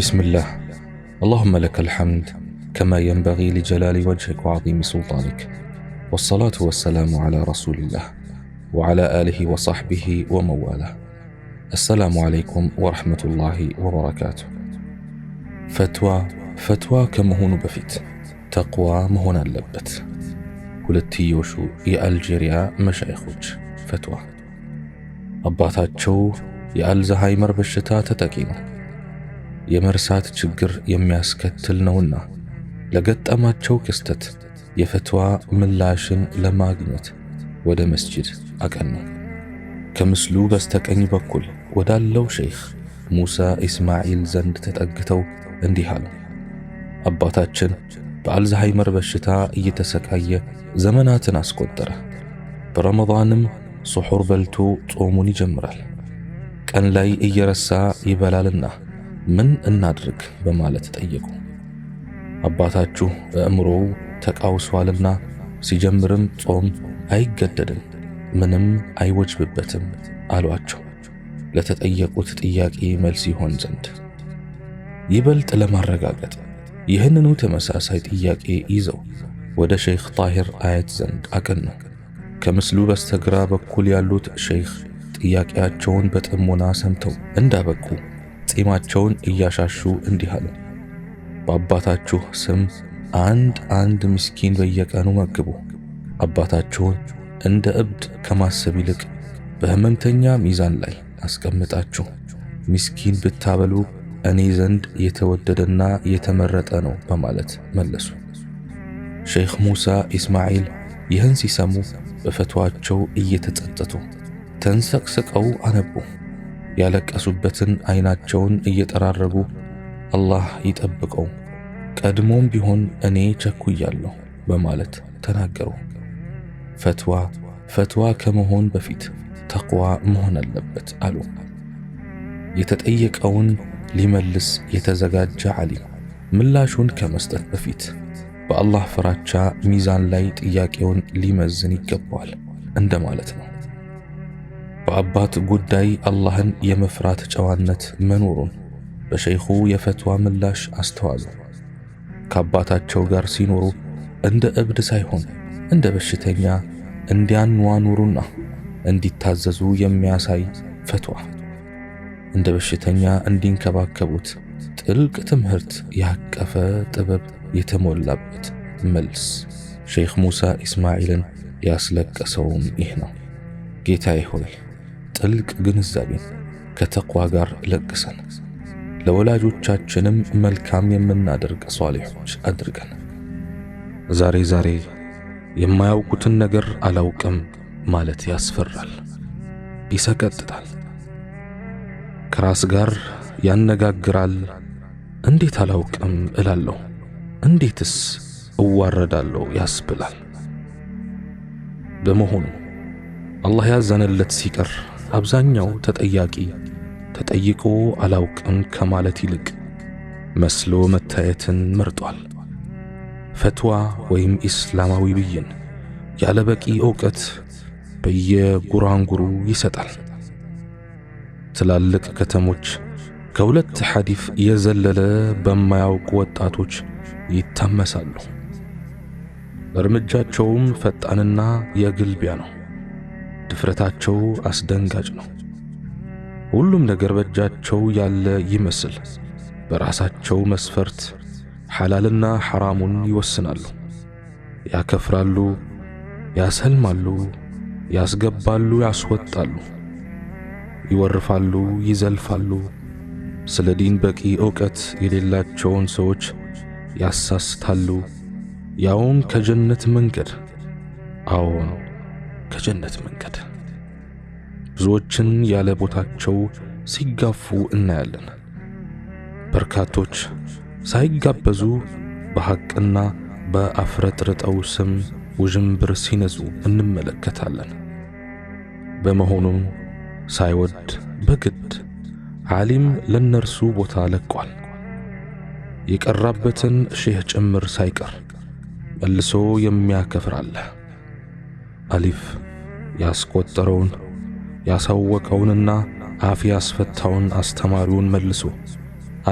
بسم الله اللهم لك الحمد كما ينبغي لجلال وجهك وعظيم سلطانك والصلاة والسلام على رسول الله وعلى آله وصحبه ومواله السلام عليكم ورحمة الله وبركاته فتوى فتوى كمهون بفت تقوى مهون اللبت ሁለትዮሹ የአልጄሪያ መሻይኾች ፈትዋ አባታቸው የአልዛሃይመር በሽታ ተጠቂ ነው። የመርሳት ችግር የሚያስከትል ነውና ለገጠማቸው ክስተት የፈትዋ ምላሽን ለማግኘት ወደ መስጂድ አቀኑ። ከምስሉ በስተቀኝ በኩል ወዳለው ሼይኽ ሙሳ ኢስማኤል ዘንድ ተጠግተው እንዲህ አሉ። አባታችን በአልዛሃይመር በሽታ እየተሰቃየ ዘመናትን አስቆጠረ። በረመዳንም ሱሑር በልቶ ጾሙን ይጀምራል። ቀን ላይ እየረሳ ይበላልና ምን እናድርግ በማለት ጠየቁ። አባታችሁ አእምሮው ተቃውሷልና ሲጀምርም ጾም አይገደድም፣ ምንም አይወጅብበትም አሏቸው ለተጠየቁት ጥያቄ መልስ ይሆን ዘንድ። ይበልጥ ለማረጋገጥ ይህንኑ ተመሳሳይ ጥያቄ ይዘው ወደ ሼኽ ጣሂር አያት ዘንድ አቀኑ። ከምስሉ በስተግራ በኩል ያሉት ሼኽ ጥያቄያቸውን በጥሞና ሰምተው እንዳበቁ ጺማቸውን እያሻሹ እንዲህ አሉ፣ በአባታችሁ ስም አንድ አንድ ምስኪን በየቀኑ መግቡ። አባታችሁን እንደ እብድ ከማሰብ ይልቅ በሕመምተኛ ሚዛን ላይ አስቀምጣችሁ ምስኪን ብታበሉ እኔ ዘንድ የተወደደና የተመረጠ ነው በማለት መለሱ። ሼኽ ሙሳ ኢስማኤል ይህን ሲሰሙ በፈትዋቸው እየተጸጸቱ ተንሰቅስቀው አነቡ። ያለቀሱበትን አይናቸውን እየጠራረጉ አላህ ይጠብቀው፣ ቀድሞም ቢሆን እኔ ቸኩያለሁ በማለት ተናገሩ። ፈትዋ ፈትዋ ከመሆን በፊት ተቅዋ መሆን አለበት አሉ። የተጠየቀውን ሊመልስ የተዘጋጀ ዓሊ ምላሹን ከመስጠት በፊት በአላህ ፍራቻ ሚዛን ላይ ጥያቄውን ሊመዝን ይገባዋል እንደማለት ነው። በአባት ጉዳይ አላህን የመፍራት ጨዋነት መኖሩን በሸይኹ የፈትዋ ምላሽ አስተዋሉ። ከአባታቸው ጋር ሲኖሩ እንደ እብድ ሳይሆን እንደ በሽተኛ እንዲያኗኑሩና እንዲታዘዙ የሚያሳይ ፈትዋ፣ እንደ በሽተኛ እንዲንከባከቡት ጥልቅ ትምህርት ያቀፈ ጥበብ የተሞላበት መልስ ሼይኽ ሙሳ ኢስማኤልን ያስለቀሰውም ይህ ነው። ጌታዬ ሆይ ጥልቅ ግንዛቤን ከተቋ ጋር ለግሰን ለወላጆቻችንም መልካም የምናደርግ ሷሊሖች አድርገን ዛሬ ዛሬ የማያውቁትን ነገር አላውቅም ማለት ያስፈራል፣ ይሰቀጥጣል፣ ከራስ ጋር ያነጋግራል። እንዴት አላውቅም እላለሁ? እንዴትስ እዋረዳለሁ ያስብላል። በመሆኑ አላህ ያዘነለት ሲቀር አብዛኛው ተጠያቂ ተጠይቆ አላውቅም ከማለት ይልቅ መስሎ መታየትን መርጧል። ፈትዋ ወይም ኢስላማዊ ብይን ያለ በቂ ዕውቀት በየጉራንጉሩ ይሰጣል። ትላልቅ ከተሞች ከሁለት ሐዲፍ የዘለለ በማያውቁ ወጣቶች ይታመሳሉ። እርምጃቸውም ፈጣንና የግልቢያ ነው። ድፍረታቸው አስደንጋጭ ነው። ሁሉም ነገር በእጃቸው ያለ ይመስል በራሳቸው መስፈርት ሐላልና ሐራሙን ይወስናሉ፣ ያከፍራሉ፣ ያሰልማሉ፣ ያስገባሉ፣ ያስወጣሉ፣ ይወርፋሉ፣ ይዘልፋሉ። ስለ ዲን በቂ ዕውቀት የሌላቸውን ሰዎች ያሳስታሉ፣ ያውም ከጀነት መንገድ። አዎን ከጀነት መንገድ ብዙዎችን ያለ ቦታቸው ሲጋፉ እናያለን። በርካቶች ሳይጋበዙ በሐቅና በአፍረጥርጠው ስም ውዥንብር ሲነዙ እንመለከታለን። በመሆኑም ሳይወድ በግድ ዓሊም ለነርሱ ቦታ ለቋል። የቀራበትን ሼህ ጭምር ሳይቀር መልሶ የሚያከፍራለህ አሊፍ ያስቆጠረውን ያሳወቀውንና አፍ ያስፈታውን አስተማሪውን መልሶ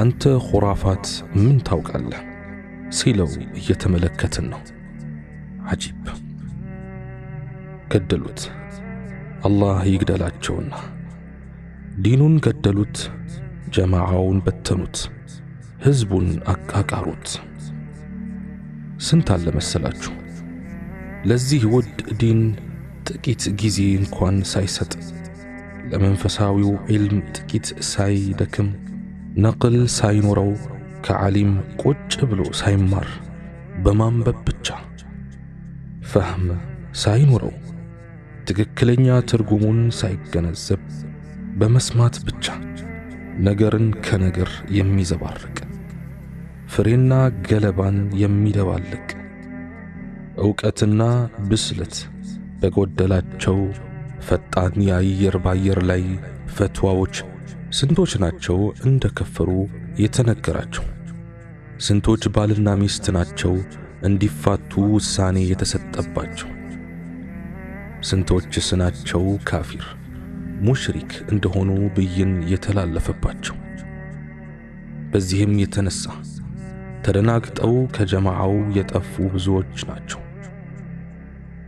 አንተ ኹራፋት ምን ታውቃለህ ሲለው እየተመለከትን ነው። አጂብ ገደሉት። አላህ ይግደላቸውና ዲኑን ገደሉት። ጀማዓውን በተኑት። ሕዝቡን አቃቃሩት። ስንት አለ መሰላችሁ ለዚህ ውድ ዲን ጥቂት ጊዜ እንኳን ሳይሰጥ ለመንፈሳዊው ዒልም ጥቂት ሳይደክም ነቅል ሳይኖረው ከዓሊም ቁጭ ብሎ ሳይማር በማንበብ ብቻ ፈህም ሳይኖረው ትክክለኛ ትርጉሙን ሳይገነዘብ በመስማት ብቻ ነገርን ከነገር የሚዘባርቅ ፍሬና ገለባን የሚደባልቅ እውቀትና ብስለት በጎደላቸው ፈጣን የአየር ባየር ላይ ፈትዋዎች ስንቶች ናቸው እንደከፈሩ የተነገራቸው? ስንቶች ባልና ሚስት ናቸው እንዲፋቱ ውሳኔ የተሰጠባቸው? ስንቶችስ ናቸው ካፊር ሙሽሪክ እንደሆኑ ብይን የተላለፈባቸው? በዚህም የተነሳ ተደናግጠው ከጀማዓው የጠፉ ብዙዎች ናቸው።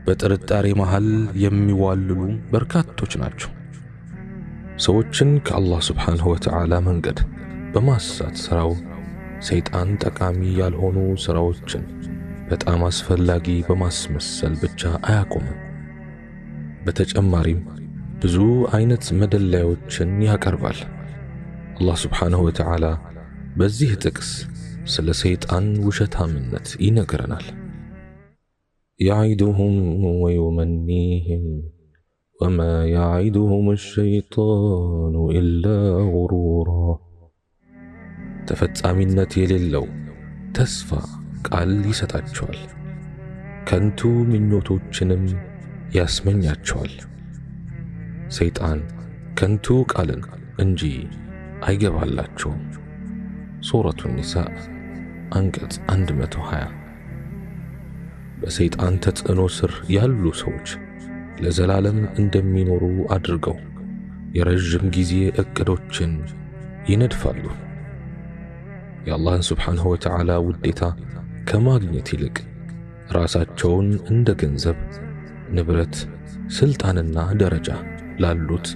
በጥርጣሬ መሃል የሚዋልሉ በርካቶች ናቸው። ሰዎችን ከአላህ ስብሓንሁ ወተዓላ መንገድ በማሳት ሥራው ሰይጣን ጠቃሚ ያልሆኑ ሥራዎችን በጣም አስፈላጊ በማስመሰል ብቻ አያቆምም። በተጨማሪም ብዙ አይነት መደላዮችን ያቀርባል። አላህ ስብሓንሁ ወተዓላ በዚህ ጥቅስ ስለ ሰይጣን ውሸታምነት ይነግረናል። يعدهم ويمنيهم وما يعدهم الشيطان إلا غرورا تفت أمنتي للو تسفى قال يسطاچوال كنتو منوتوچنم ياسمنياچوال سيطان كنتو كالن انجي አይገባላችሁም النساء ኒሳ አንቀጽ 120 በሰይጣን ተጽዕኖ ስር ያሉ ሰዎች ለዘላለም እንደሚኖሩ አድርገው የረዥም ጊዜ እቅዶችን ይነድፋሉ። የአላህን ስብሓንሁ ወተዓላ ውዴታ ከማግኘት ይልቅ ራሳቸውን እንደ ገንዘብ፣ ንብረት፣ ስልጣንና ደረጃ ላሉት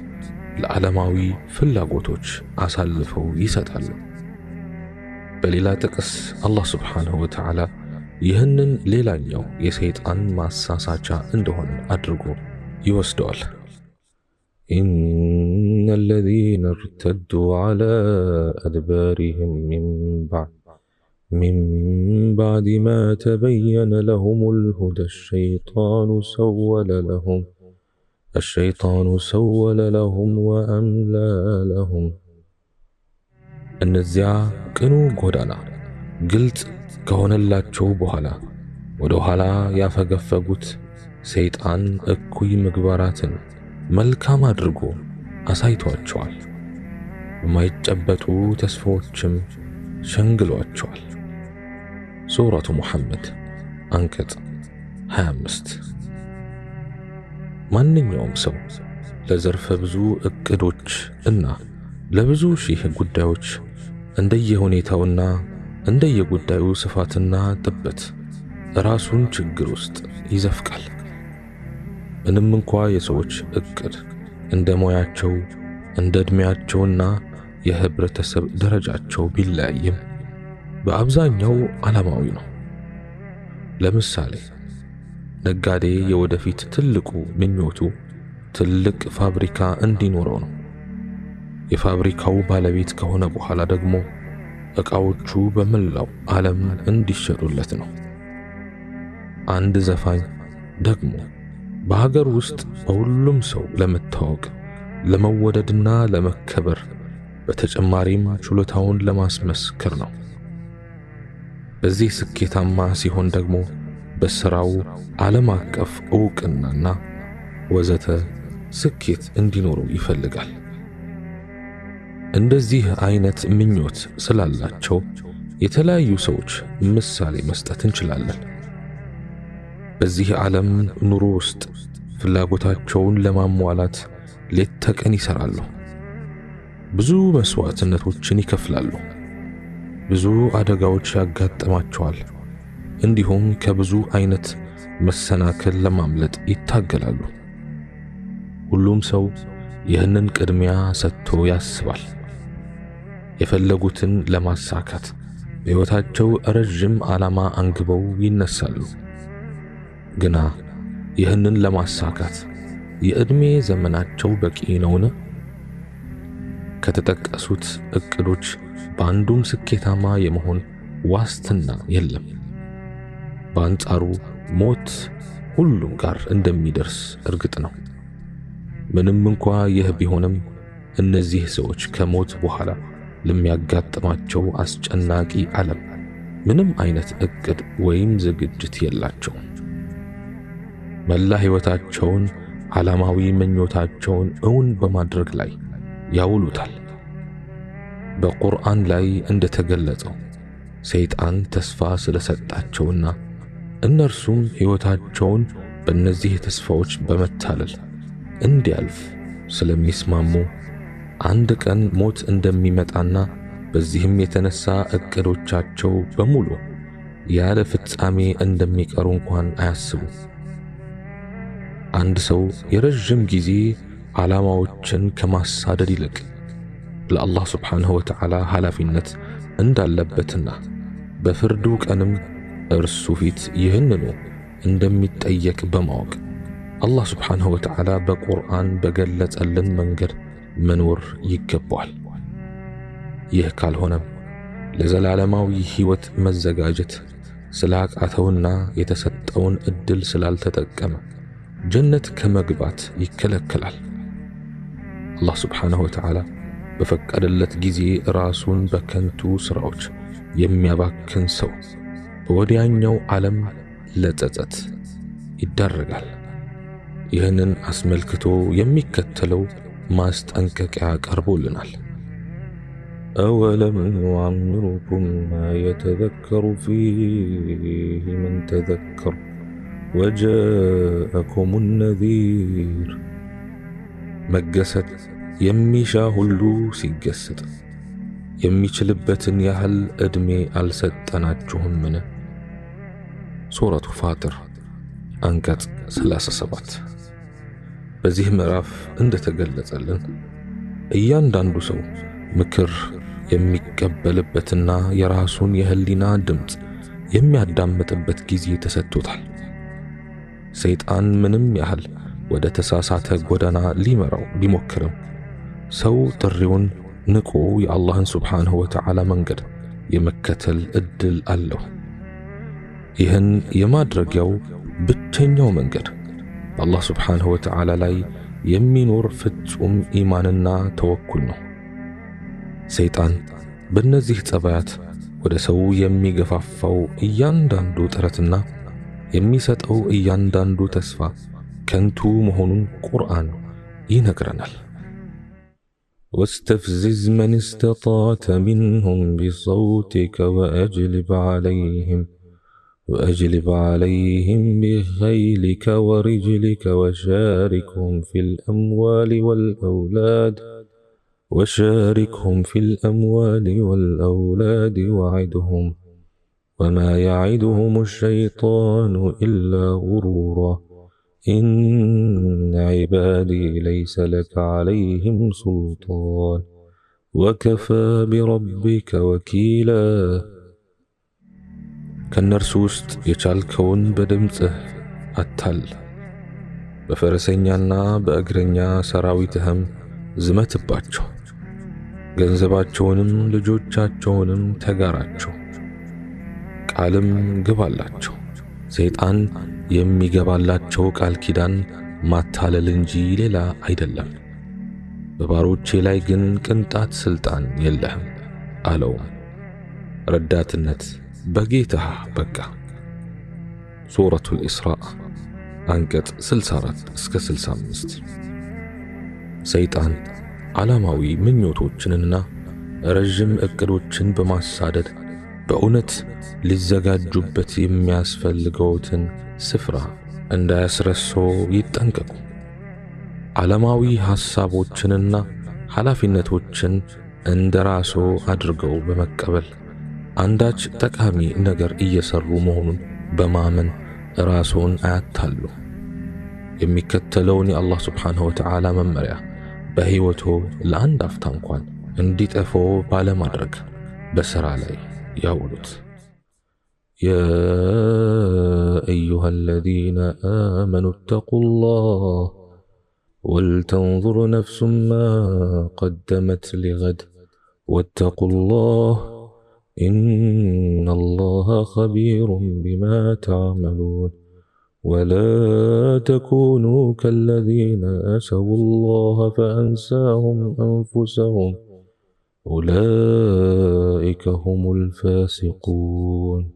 ለዓለማዊ ፍላጎቶች አሳልፈው ይሰጣሉ። በሌላ ጥቅስ አላህ ስብሓንሁ ወተዓላ يهنن ይህንን ሌላኛው የሰይጣን ማሳሳቻ اندهن አድርጎ يوستول إن الذين ارتدوا على أدبارهم من بعد من بعد ما تبين لهم الهدى الشيطان سول لهم الشيطان سول لهم وأملى لهم النزع كانوا قدنا ግልጽ ከሆነላቸው በኋላ ወደ ኋላ ያፈገፈጉት ሰይጣን እኩይ ምግባራትን መልካም አድርጎ አሳይቷቸዋል። የማይጨበጡ ተስፋዎችም ሸንግሏቸዋል። ሱረቱ ሙሐመድ አንቀጽ 25 ማንኛውም ሰው ለዘርፈ ብዙ እቅዶች እና ለብዙ ሺህ ጉዳዮች እንደየሁኔታውና እንደየጉዳዩ ስፋትና ጥበት ራሱን ችግር ውስጥ ይዘፍቃል። ምንም እንኳ የሰዎች እቅድ እንደ ሙያቸው እንደ ዕድሜያቸውና የህብረተሰብ ደረጃቸው ቢለያይም በአብዛኛው ዓላማዊ ነው። ለምሳሌ ነጋዴ የወደፊት ትልቁ ምኞቱ ትልቅ ፋብሪካ እንዲኖረው ነው። የፋብሪካው ባለቤት ከሆነ በኋላ ደግሞ ዕቃዎቹ በመላው ዓለም እንዲሸጡለት ነው። አንድ ዘፋኝ ደግሞ በሀገር ውስጥ በሁሉም ሰው ለመታወቅ ለመወደድና ለመከበር በተጨማሪም ችሎታውን ለማስመስከር ነው። በዚህ ስኬታማ ሲሆን ደግሞ በሥራው ዓለም አቀፍ ዕውቅናና ወዘተ ስኬት እንዲኖረው ይፈልጋል። እንደዚህ አይነት ምኞት ስላላቸው የተለያዩ ሰዎች ምሳሌ መስጠት እንችላለን። በዚህ ዓለም ኑሮ ውስጥ ፍላጎታቸውን ለማሟላት ሌት ተቀን ይሰራሉ። ብዙ መስዋዕትነቶችን ይከፍላሉ። ብዙ አደጋዎች ያጋጥማቸዋል። እንዲሁም ከብዙ አይነት መሰናክል ለማምለጥ ይታገላሉ። ሁሉም ሰው ይህንን ቅድሚያ ሰጥቶ ያስባል። የፈለጉትን ለማሳካት በሕይወታቸው ረዥም ዓላማ አንግበው ይነሳሉ። ግና ይህንን ለማሳካት የዕድሜ ዘመናቸው በቂ ነውን? ከተጠቀሱት እቅዶች በአንዱም ስኬታማ የመሆን ዋስትና የለም። በአንጻሩ ሞት ሁሉም ጋር እንደሚደርስ እርግጥ ነው። ምንም እንኳ ይህ ቢሆንም እነዚህ ሰዎች ከሞት በኋላ ለሚያጋጥማቸው አስጨናቂ ዓለም ምንም አይነት እቅድ ወይም ዝግጅት የላቸውም። መላ ሕይወታቸውን ዓላማዊ ምኞታቸውን እውን በማድረግ ላይ ያውሉታል። በቁርአን ላይ እንደተገለጸው ሰይጣን ተስፋ ስለሰጣቸውና እነርሱም ሕይወታቸውን በእነዚህ ተስፋዎች በመታለል እንዲያልፍ ስለሚስማሙ አንድ ቀን ሞት እንደሚመጣና በዚህም የተነሳ እቅዶቻቸው በሙሉ ያለ ፍጻሜ እንደሚቀሩ እንኳን አያስቡ። አንድ ሰው የረዥም ጊዜ ዓላማዎችን ከማሳደድ ይልቅ ለአላህ ስብሓንሁ ወተዓላ ኃላፊነት እንዳለበትና በፍርዱ ቀንም እርሱ ፊት ይህንኑ እንደሚጠየቅ በማወቅ አላህ ስብሓንሁ ወተዓላ በቁርአን በገለጸልን መንገድ መኖር ይገባዋል! ይህ ካልሆነም ለዘላለማዊ ሕይወት መዘጋጀት ስላቃተውና የተሰጠውን እድል ስላልተጠቀመ ጀነት ከመግባት ይከለከላል። አላህ ስብሓንሁ ወተዓላ በፈቀደለት ጊዜ ራሱን በከንቱ ሥራዎች የሚያባክን ሰው በወዲያኛው ዓለም ለጸጸት ይዳረጋል። ይህንን አስመልክቶ የሚከተለው ማስጠንቀቂያ ቀርቦልናል። አወለም نعمركم ማ የተዘከሩ ፊህ ምን تذكر ወጃአኩም ነዚር። መገሰጥ የሚሻ ሁሉ ሲገሰጥ የሚችልበትን ያህል ዕድሜ አልሰጠናችሁምን? ሱረቱ ፋጥር አንቀጽ 37 በዚህ ምዕራፍ እንደተገለጸልን እያንዳንዱ ሰው ምክር የሚቀበልበትና የራሱን የህሊና ድምፅ የሚያዳምጥበት ጊዜ ተሰጥቶታል። ሰይጣን ምንም ያህል ወደ ተሳሳተ ጎዳና ሊመራው ቢሞክርም ሰው ጥሪውን ንቆ የአላህን ስብሓንሁ ወተዓላ መንገድ የመከተል ዕድል አለው። ይህን የማድረጊያው ብቸኛው መንገድ الله سبحانه وتعالى لا يمي نور فت أم إيماننا توكلنا سيطان بنزيه تبعات ودسو يمي قفافو إيان دان دو ترتنا يمي سات أو إيان دان دو تسفا كنتو مهنون قرآن ينقرنال واستفزز من استطعت منهم بصوتك واجلب عليهم وأجلب عليهم بخيلك ورجلك وشاركهم في الأموال والأولاد وشاركهم في الأموال والأولاد وعدهم وما يعدهم الشيطان إلا غرورا إن عبادي ليس لك عليهم سلطان وكفى بربك وكيلاً ከእነርሱ ውስጥ የቻልከውን በድምፅህ አታል። በፈረሰኛና በእግረኛ ሰራዊትህም ዝመትባቸው፣ ገንዘባቸውንም ልጆቻቸውንም ተጋራቸው፣ ቃልም ግባላቸው። ሰይጣን የሚገባላቸው ቃል ኪዳን ማታለል እንጂ ሌላ አይደለም። በባሮቼ ላይ ግን ቅንጣት ሥልጣን የለህም አለው። ረዳትነት በጌታ በቃ። ሱረቱል ኢስራእ አንቀጽ 64 እስከ 65። ሰይጣን ዓላማዊ ምኞቶችንና ረዥም እቅዶችን በማሳደድ በእውነት ሊዘጋጁበት የሚያስፈልገውትን ስፍራ እንዳያስረሶ ይጠንቀቁ። ዓለማዊ ሐሳቦችንና ኃላፊነቶችን እንደ ራሶ አድርገው በመቀበል አንዳች ጠቃሚ ነገር እየሰሩ መሆኑን በማመን ራስዎን አያታሉ። የሚከተለውን የአላህ ስብሓንሁ ወተዓላ መመሪያ በሕይወቶ ለአንድ አፍታ እንኳን እንዲጠፎ ባለማድረግ በሥራ ላይ ያውሉት። يا أيها الذين آمنوا اتقوا الله ولتنظر نفس ما قدمت لغد واتقوا الله إن الله خبير بما تعملون ولا تكونوا كالذين أسوا الله فأنساهم أنفسهم أولئك هم الفاسقون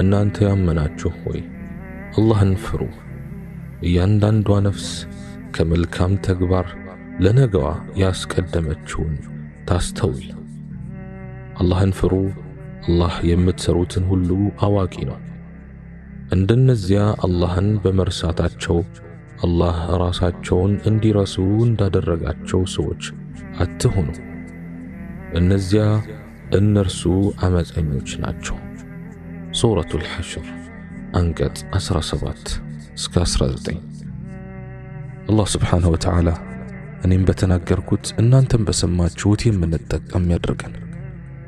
أن أنت يا أمنا تشوخوي الله انفرو ياندان دوا نفس كمل كام تكبر لنقوى ياس قدمت تشون تستويل አላህን ፍሩ፣ አላህ የምትሰሩትን ሁሉ አዋቂ ነው። እንደነዚያ አላህን በመርሳታቸው አላህ ራሳቸውን እንዲረሱ እንዳደረጋቸው ሰዎች አትሆኑ እነዚያ እነርሱ አመፀኞች ናቸው። ሱረቱል ሐሽር አንቀጽ 17 እስከ 19። አላህ ስብሓንሁ ወተዓላ እኔም በተናገርኩት እናንተም በሰማችሁት የምንጠቀም ያደርገን።